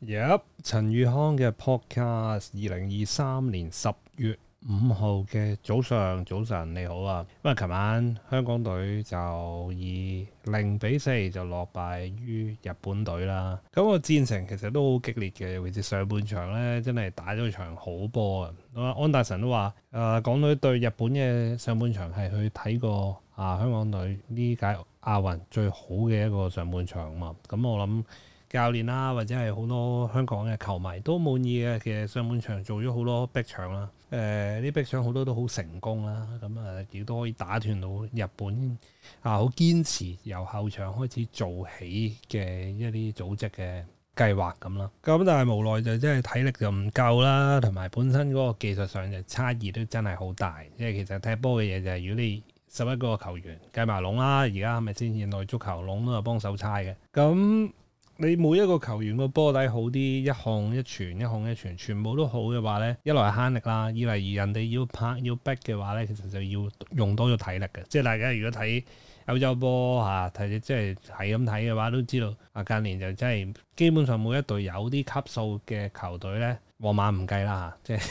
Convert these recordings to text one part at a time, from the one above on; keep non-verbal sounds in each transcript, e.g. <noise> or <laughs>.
入陳宇康嘅 podcast，二零二三年十月五號嘅早上，早晨你好啊，因為琴晚香港隊就以零比四就落敗於日本隊啦。咁個戰情其實都好激烈嘅，尤其是上半場咧，真係打咗場好波啊！安達臣都話，誒、呃，港隊對日本嘅上半場係去睇過啊，香港隊呢屆亞運最好嘅一個上半場啊嘛。咁我諗。教練啦，或者係好多香港嘅球迷都滿意嘅。其實上半場做咗好多逼搶啦，誒、呃，啲逼搶好多都好成功啦。咁、呃、啊，亦都可以打斷到日本啊，好堅持由後場開始做起嘅一啲組織嘅計劃咁啦。咁但係無奈就真、是、係體力就唔夠啦，同埋本身嗰個技術上就差異都真係好大。因為其實踢波嘅嘢就係如果你十一個球員計埋籠啦，而家係咪先現代足球籠都係幫手猜嘅咁。你每一個球員個波底好啲，一控一傳，一控一傳，全部都好嘅話咧，一來慳力啦，二嚟而人哋要拍要逼嘅話咧，其實就要用多咗體力嘅。即係大家如果睇歐洲波啊，睇即係係咁睇嘅話，都知道啊近年就真係基本上每一隊有啲級數嘅球隊咧，皇馬唔計啦吓，即係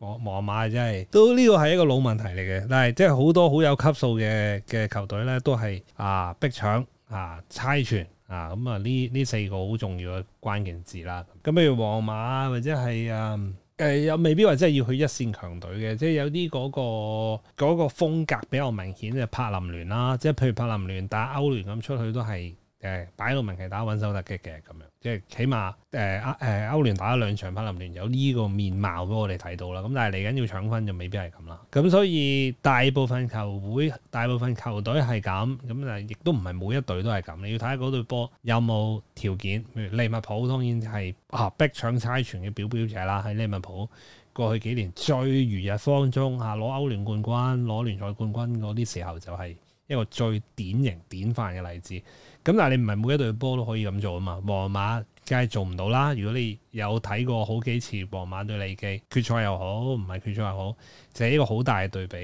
皇馬真係都呢個係一個老問題嚟嘅。但係即係好多好有級數嘅嘅球隊咧，都係啊逼搶啊猜傳。猜拳啊，咁啊，呢呢四個好重要嘅關鍵字啦。咁譬如皇馬啊，或者係誒誒，又、呃呃、未必話真係要去一線強隊嘅，即係有啲嗰個嗰個風格比較明顯嘅柏林聯啦，即係譬如柏林聯打歐聯咁出去都係。誒擺到明係打穩守突擊嘅咁樣，即係起碼誒阿誒歐聯打咗兩場，柏林聯有呢個面貌俾我哋睇到啦。咁但係嚟緊要搶分就未必係咁啦。咁、嗯、所以大部分球會、大部分球隊係咁，咁但係亦都唔係每一隊都係咁。你要睇下嗰隊波有冇條件。例如利物浦當然係嚇逼搶猜傳嘅表表者啦。喺利物浦過去幾年最如日方中嚇攞、啊、歐聯冠軍、攞聯賽冠軍嗰啲時候，就係一個最典型、典範嘅例子。咁但係你唔係每一對波都可以咁做啊嘛，皇馬梗係做唔到啦。如果你有睇過好幾次皇馬對利記決賽又好，唔係決賽又好，就係呢個好大嘅對比。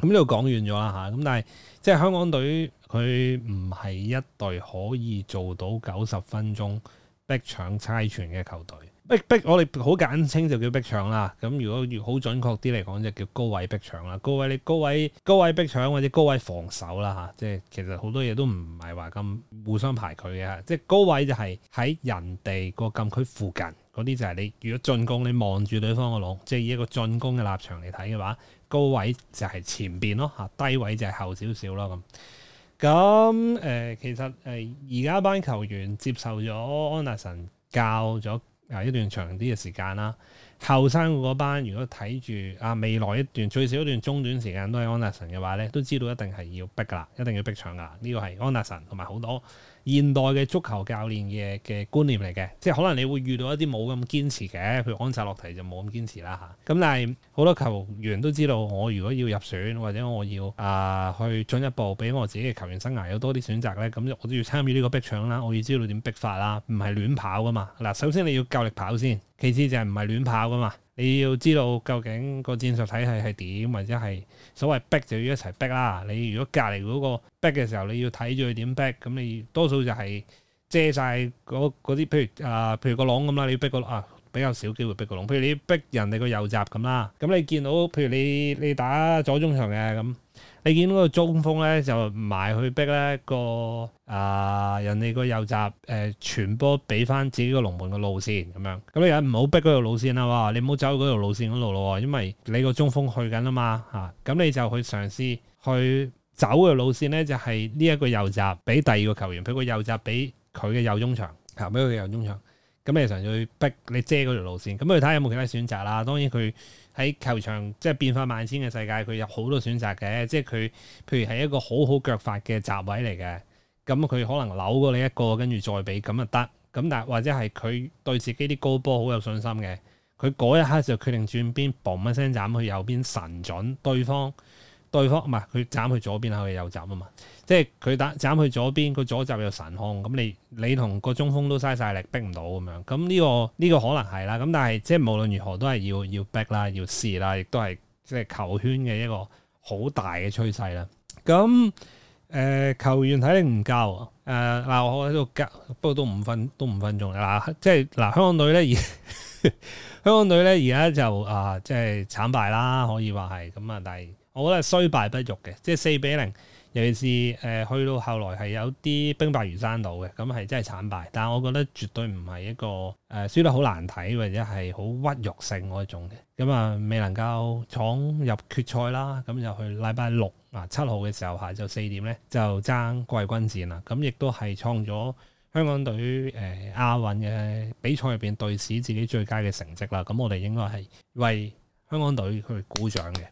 咁呢度講完咗啦吓，咁但係即係香港隊佢唔係一隊可以做到九十分鐘逼搶猜傳嘅球隊。逼逼，我哋好簡稱就叫逼搶啦。咁如果要好準確啲嚟講，就叫高位逼搶啦。高位你高位高位逼搶，或者高位防守啦吓，即係其實好多嘢都唔係話咁互相排佢嘅。即係高位就係喺人哋個禁區附近嗰啲，就係你如果進攻你望住對方個籠，即係以一個進攻嘅立場嚟睇嘅話，高位就係前邊咯嚇，低位就係後少少咯咁。咁誒、呃，其實誒而家班球員接受咗安納神教咗。啊一段長啲嘅時間啦，後生嗰班如果睇住啊未來一段最少一段中短時間都係安達臣嘅話咧，都知道一定係要逼噶啦，一定要逼搶噶啦，呢個係安達臣同埋好多現代嘅足球教練嘅嘅觀念嚟嘅，即係可能你會遇到一啲冇咁堅持嘅，譬如安薩洛提就冇咁堅持啦吓。咁但係好多球員都知道，我如果要入選或者我要啊、呃、去進一步俾我自己嘅球員生涯有多啲選擇咧，咁我都要參與呢個逼搶啦，我要知道點逼法啦，唔係亂跑噶嘛。嗱，首先你要夠力跑先，其次就係唔係亂跑噶嘛。你要知道究竟個戰術體系係點，或者係所謂逼就要一齊逼啦。你如果隔離嗰個逼嘅時候，你要睇住佢點逼，咁你多數就係遮晒嗰啲，譬如啊、呃，譬如個籠咁啦，你要逼個啊比較少機會逼個籠。譬如你要逼人哋個右閘咁啦，咁你見到譬如你你打左中場嘅咁。你見到個中鋒咧，就埋去逼咧、嗰個啊、呃、人哋個右閘，誒、呃、傳波俾翻自己個龍門嘅路線咁樣。咁你又唔好逼嗰條路線啦喎，你唔好走嗰條路線嗰度咯，因為你個中鋒去緊吖嘛嚇。咁、啊、你就去嘗試去走嘅路線咧，就係呢一個右閘俾第二個球員，俾個右閘俾佢嘅右中場，嚇俾佢嘅右中場。咁你常要逼你遮嗰條路線，咁佢睇下有冇其他選擇啦。當然佢喺球場即係變化萬千嘅世界，佢有好多選擇嘅。即係佢譬如係一個好好腳法嘅閘位嚟嘅，咁佢可能扭過你一個，跟住再俾咁啊得。咁但係或者係佢對自己啲高波好有信心嘅，佢嗰一刻就決定轉邊，嘣一聲斬去右邊神準對方。對方唔係佢斬去左邊，佢右閘啊嘛！即係佢打斬去左邊，個左閘又神控。咁你你同個中鋒都嘥晒力，逼唔到咁樣。咁呢、呢個呢、呢個可能係啦。咁但係即係無論如何都係要要逼啦，要試啦，亦都係即係球圈嘅一個好大嘅趨勢啦。咁誒、呃、球員睇你唔夠啊！嗱、呃，我喺度教，不過都五分都五分鐘啦。即係嗱，香港隊咧而 <laughs> 香港隊咧而家就啊即係慘敗啦，可以話係咁啊，但係。我覺得雖敗不辱嘅，即係四比零，尤其是誒、呃、去到後來係有啲兵敗如山倒嘅，咁係真係慘敗。但係我覺得絕對唔係一個誒輸、呃、得好難睇，或者係好屈辱性嗰種嘅。咁、嗯、啊，未能夠闖入決賽啦，咁就去禮拜六啊、呃、七號嘅時候，下晝四點咧就爭季軍戰啦。咁、嗯、亦都係創咗香港隊誒亞運嘅比賽入邊對此自己最佳嘅成績啦。咁我哋應該係為。香港隊去鼓掌嘅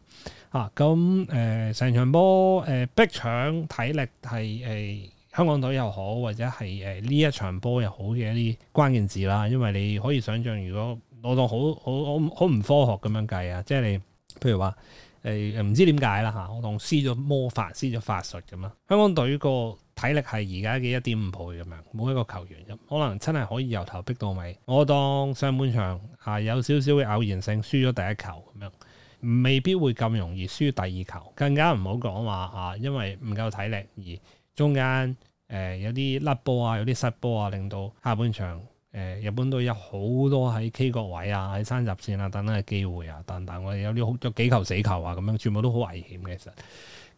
嚇，咁誒成場波誒逼搶體力係誒、呃、香港隊又好，或者係誒呢一場波又好嘅一啲關鍵字啦。因為你可以想像，如果我當好好好唔科學咁樣計啊，即係你譬如話誒唔知點解啦嚇，我當施咗魔法、施咗法術咁啦，香港隊個體力係而家嘅一點五倍咁樣，每一個球員咁可能真係可以由頭逼到尾。我當上半場嚇、啊、有少少嘅偶然性，輸咗第一球咁樣，未必會咁容易輸第二球。更加唔好講話嚇，因為唔夠體力而中間誒有啲甩波啊，有啲失波啊，令到下半場誒、呃，日本隊有好多喺 K 角位啊，喺三十線啊等等嘅機會啊，等等。我哋有啲好有幾球死球啊，咁樣全部都好危險嘅其實。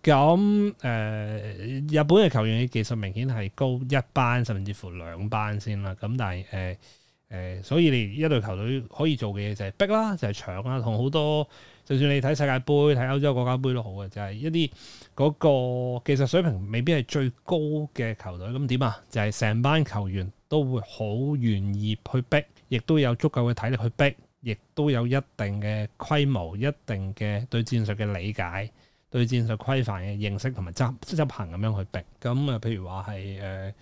咁誒、呃，日本嘅球員嘅技術明顯係高一班，甚至乎兩班先啦。咁但係誒誒，所以你一隊球隊可以做嘅嘢就係逼啦，就係、係、搶啦。同好多，就算你睇世界盃、睇歐洲國家盃都好嘅，就係、係、一啲嗰、嗰個技術水平未必係最高嘅球隊。咁點啊？就係、係、成班球員都會好願意去逼，亦都有足夠嘅體力去逼，亦都有一定嘅規模、一定嘅對戰術嘅理解。對戰術規範嘅認識同埋執執行，咁樣去逼，咁、嗯、啊，譬如話係誒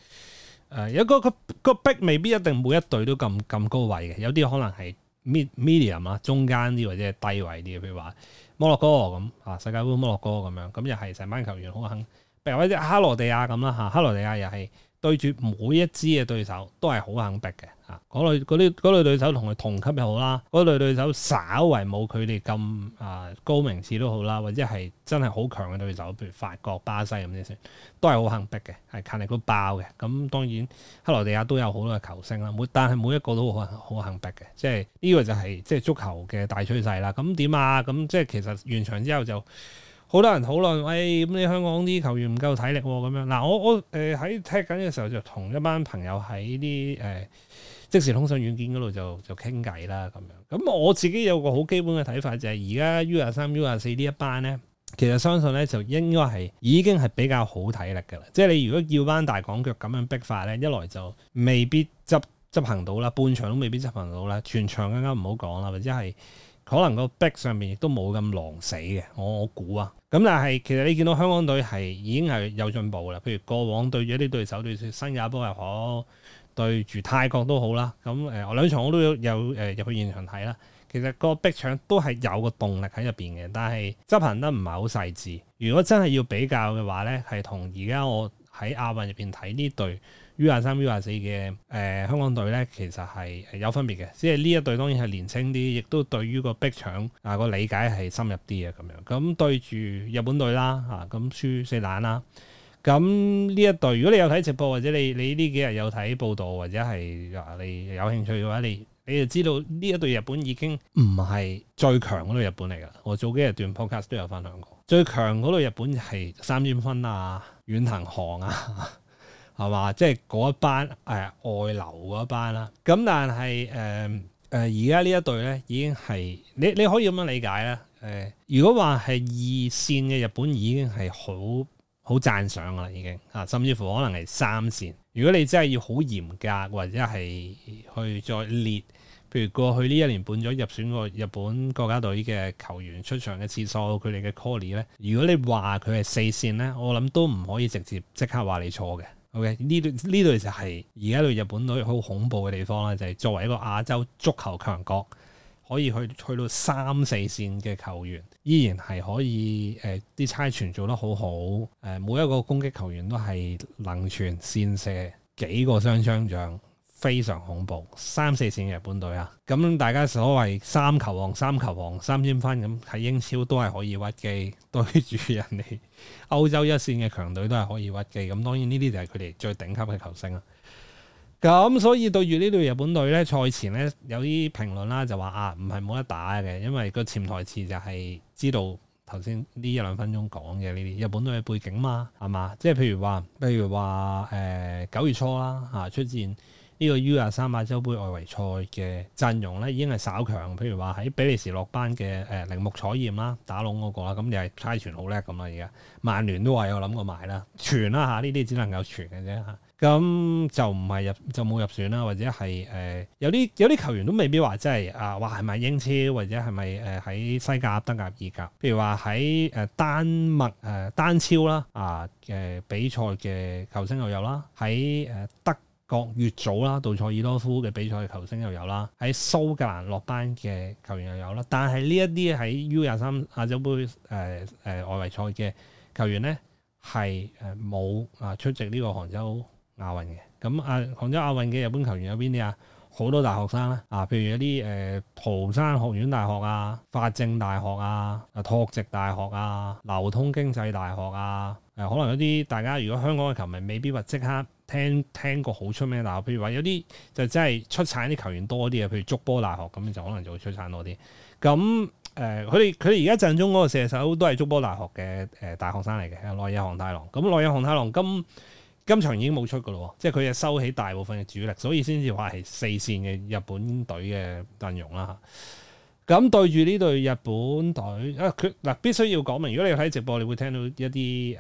誒，有一個個個逼未必一定每一隊都咁咁高位嘅，有啲可能係 medium 啦，中間啲或者係低位啲，譬如話摩洛哥咁啊，世界盃摩洛哥咁樣，咁、嗯、又係成班球員好肯，譬如話啲克羅地亞咁啦吓，克羅地亞又係。對住每一支嘅對手都係好肯逼嘅，啊，嗰類嗰啲嗰類對手同佢同級又好啦，嗰類對手稍為冇佢哋咁啊高名次都好啦，或者係真係好強嘅對手，譬如法國、巴西咁樣先，都係好肯逼嘅，係壓力都爆嘅。咁當然克羅地亞都有好多嘅球星啦，每但係每一個都好好肯逼嘅，即係呢個就係即係足球嘅大趨勢啦。咁點啊？咁即係其實完場之後就。好多人討論，誒、哎、咁你香港啲球員唔夠體力咁、啊、樣。嗱、啊，我我誒喺、呃、踢緊嘅時候就同一班朋友喺啲誒即時通訊軟件嗰度就就傾偈啦咁樣。咁我自己有個好基本嘅睇法就係而家 U 廿三、U 廿四呢一班咧，其實相信咧就應該係已經係比較好體力嘅啦。即係你如果叫班大港腳咁樣逼法咧，一來就未必執執行到啦，半場都未必執行到啦，全場更加唔好講啦，或者係。可能個逼上面亦都冇咁狼死嘅，我我估啊。咁但係其實你見到香港隊係已經係有進步啦。譬如過往對住呢對手對新加坡又好，對住泰國都好啦。咁、呃、我兩場我都有有、呃、入去現場睇啦。其實個逼搶都係有個動力喺入邊嘅，但係執行得唔係好細緻。如果真係要比較嘅話咧，係同而家我喺亞運入邊睇呢隊。U 廿三、U 廿四嘅誒香港隊咧，其實係有分別嘅。即係呢一隊當然係年輕啲，亦都對於個逼搶啊個理解係深入啲啊咁樣。咁對住日本隊啦，嚇、啊、咁、啊啊、輸四蛋啦、啊。咁、啊、呢一隊如果你有睇直播或者你你呢幾日有睇報道或者係啊你有興趣嘅話，你你就知道呢一隊日本已經唔係最強嗰隊日本嚟㗎。我早幾日段 podcast 都有分享過，最強嗰隊日本係三點分啊、遠藤航啊。 <laughs> 係嘛？即係嗰一班誒、哎、外流嗰一班啦。咁但係誒誒而家呢一隊咧，已經係你你可以咁樣理解啦。誒、呃，如果話係二線嘅日本已經係好好讚賞噶啦，已經啊，甚至乎可能係三線。如果你真係要好嚴格或者係去再列，譬如過去呢一年半咗入選過日本國家隊嘅球員出場嘅次數，佢哋嘅 call 率咧，如果你話佢係四線咧，我諗都唔可以直接即刻話你錯嘅。OK，呢對呢對就係而家對日本隊好恐怖嘅地方啦，就係、是、作為一個亞洲足球強國，可以去去到三四線嘅球員，依然係可以誒啲猜傳做得好好，誒、呃、每一個攻擊球員都係能傳善射，幾個雙槍將。非常恐怖，三四線嘅日本隊啊，咁大家所謂三球王、三球王、三尖分，咁喺英超都係可以屈機，對住人哋歐洲一線嘅強隊都係可以屈機。咁當然呢啲就係佢哋最頂級嘅球星啊。咁所以對住呢隊日本隊呢，賽前呢有啲評論啦，就話啊，唔係冇得打嘅，因為個潛台詞就係知道頭先呢一兩分鐘講嘅呢啲日本隊嘅背景嘛，係嘛？即係譬如話，譬如話誒九月初啦吓、啊、出戰呢個 U23 亞洲杯外圍賽嘅陣容咧，已經係稍強。譬如話喺比利時落班嘅誒鈴木彩艷啦，打龍嗰、那個啦，咁又係猜傳好叻咁啦。而家曼聯都話有諗過買啦，傳啦吓，呢啲只能夠傳嘅啫。咁、啊嗯、就唔係入，就冇入選啦，或者係誒、呃、有啲有啲球員都未必話真係啊，話係咪英超或者係咪誒喺西甲、德甲、意甲？譬如話喺誒丹麥誒丹超啦啊嘅比賽嘅球星又有啦，喺誒德。越早啦，杜塞爾多夫嘅比賽球星又有啦，喺蘇格蘭落班嘅球員又有啦，但係呢一啲喺 U 廿三亞洲杯誒誒、呃呃、外圍賽嘅球員咧，係誒冇啊出席呢個杭州亞運嘅。咁啊，杭、呃、州亞運嘅日本球員有邊啲啊？好多大學生啦，啊，譬如一啲誒桃山學院大學啊、法政大學啊、拓殖大學啊、流通經濟大學啊。誒、呃、可能有啲大家如果香港嘅球迷未必話即刻聽聽個好出名嘅大學，譬如話有啲就真係出產啲球員多啲嘅，譬如筑波大學咁就可能就會出產多啲。咁、嗯、誒，佢哋佢哋而家陣中嗰個射手都係筑波大學嘅誒大學生嚟嘅、嗯、內野航太郎。咁、嗯、內野航太郎今今場已經冇出嘅咯，即係佢係收起大部分嘅主力，所以先至話係四線嘅日本隊嘅陣容啦。咁對住呢隊日本隊啊，佢嗱必須要講明，如果你睇直播，你會聽到一啲誒誒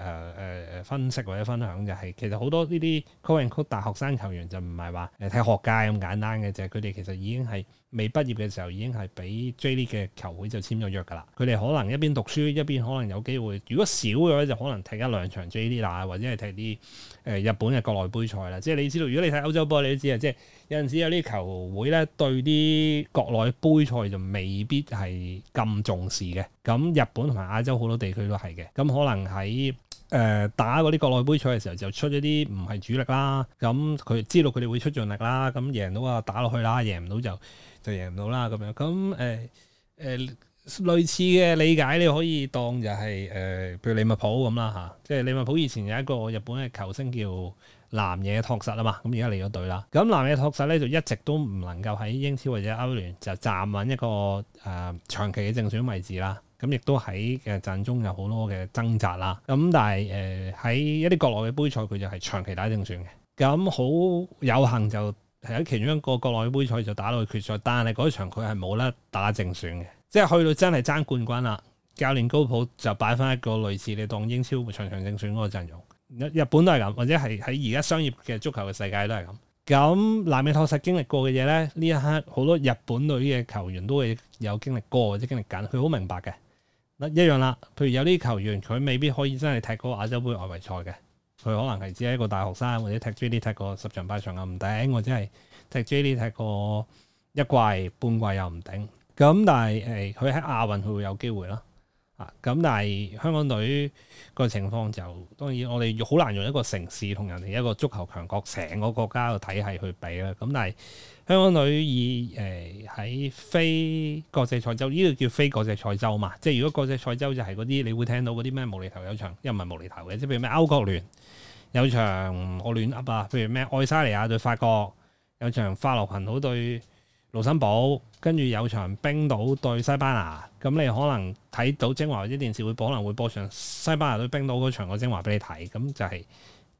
誒分析或者分享、就是，就係其實好多呢啲 college 大學生球員就唔係話誒睇學界咁簡單嘅，就係佢哋其實已經係未畢業嘅時候已經係俾 J 聯嘅球會就簽咗約噶啦。佢哋可能一邊讀書一邊可能有機會，如果少嘅話就可能踢一兩場 J 聯啊，或者係踢啲誒日本嘅國內杯賽啦。即係你知道，如果你睇歐洲波，你都知啊，即係。有陣時有啲球會咧對啲國內杯賽就未必係咁重視嘅，咁日本同埋亞洲好多地區都係嘅，咁可能喺誒、呃、打嗰啲國內杯賽嘅時候就出咗啲唔係主力啦，咁佢知道佢哋會出盡力啦，咁贏到啊打落去啦，贏唔到就就贏唔到啦咁樣，咁誒誒類似嘅理解你可以當就係、是、誒，譬、呃、如利物浦咁啦嚇，即係利物浦以前有一個日本嘅球星叫南野拓實啊嘛，咁而家嚟咗隊啦。咁南野拓實咧就一直都唔能夠喺英超或者歐聯就站穩一個誒、呃、長期嘅正選位置啦。咁亦都喺嘅陣中有好多嘅掙扎啦。咁但係誒喺一啲國內嘅杯賽，佢就係長期打正選嘅。咁好有幸就係喺其中一個國內嘅杯賽就打到決賽，但係嗰場佢係冇得打正選嘅，即係去到真係爭冠軍啦。教練高普就擺翻一個類似你當英超場場正選嗰個陣容。日本都係咁，或者係喺而家商業嘅足球嘅世界都係咁。咁南美托塞經歷過嘅嘢咧，呢一刻好多日本隊嘅球員都會有經歷過或者經歷緊，佢好明白嘅。嗱一樣啦，譬如有啲球員佢未必可以真係踢過亞洲杯外圍賽嘅，佢可能係只係一個大學生或者踢 J 聯踢過十場八場又唔頂，或者係踢 J 聯踢過一季半季又唔頂。咁但係誒，佢喺亞運佢會有機會咯。咁但係香港隊個情況，就當然我哋好難用一個城市同人哋一個足球強國成個國家嘅體系去比啦。咁但係香港隊以誒喺、呃、非國際賽洲呢度叫非國際賽洲嘛，即係如果國際賽洲就係嗰啲你會聽到嗰啲咩無厘頭有場，又唔係無厘頭嘅，即係譬如咩歐國聯有場，我亂噏啊，譬如咩愛沙尼亞對法國有場，法羅群島對。盧森堡，跟住有場冰島對西班牙，咁你可能睇到精華啲電視會可能會播上西班牙對冰島嗰場個精華俾你睇，咁就係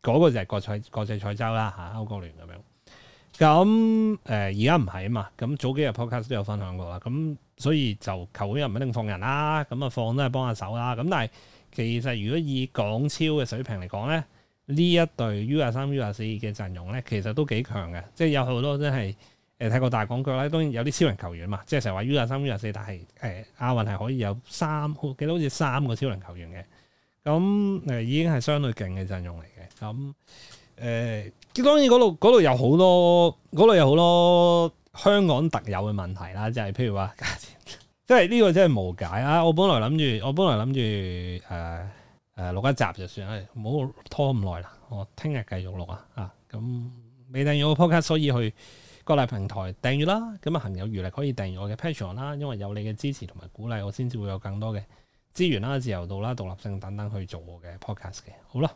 嗰個就係國際國際賽洲啦嚇歐國聯咁樣。咁誒而家唔係啊嘛，咁早幾日 podcast 都有分享過啦，咁所以就球會又唔一定放人啦，咁啊放都係幫下手啦。咁但係其實如果以港超嘅水平嚟講咧，呢一隊 U 廿三、U 廿四嘅陣容咧，其實都幾強嘅，即係有好多真係。你睇過大廣句啦，當然有啲超齡球員嘛，即係成日話 U 廿三、U 廿四，但係誒，亞運係可以有三，我記得好似三個超齡球員嘅，咁誒已經係相對勁嘅陣容嚟嘅，咁誒，當然嗰度嗰度有好多，嗰度有好多香港特有嘅問題啦，即係譬如話，即係呢個真係無解啊！我本來諗住，我本來諗住誒誒錄一集就算啦，唔好拖咁耐啦，我聽日繼續錄啊，啊，咁未定有 podcast，所以去。各大平台訂閱啦，咁啊，行有餘力可以訂閱我嘅 Patreon 啦，因為有你嘅支持同埋鼓勵，我先至會有更多嘅資源啦、自由度啦、獨立性等等去做我嘅 Podcast 嘅。好啦。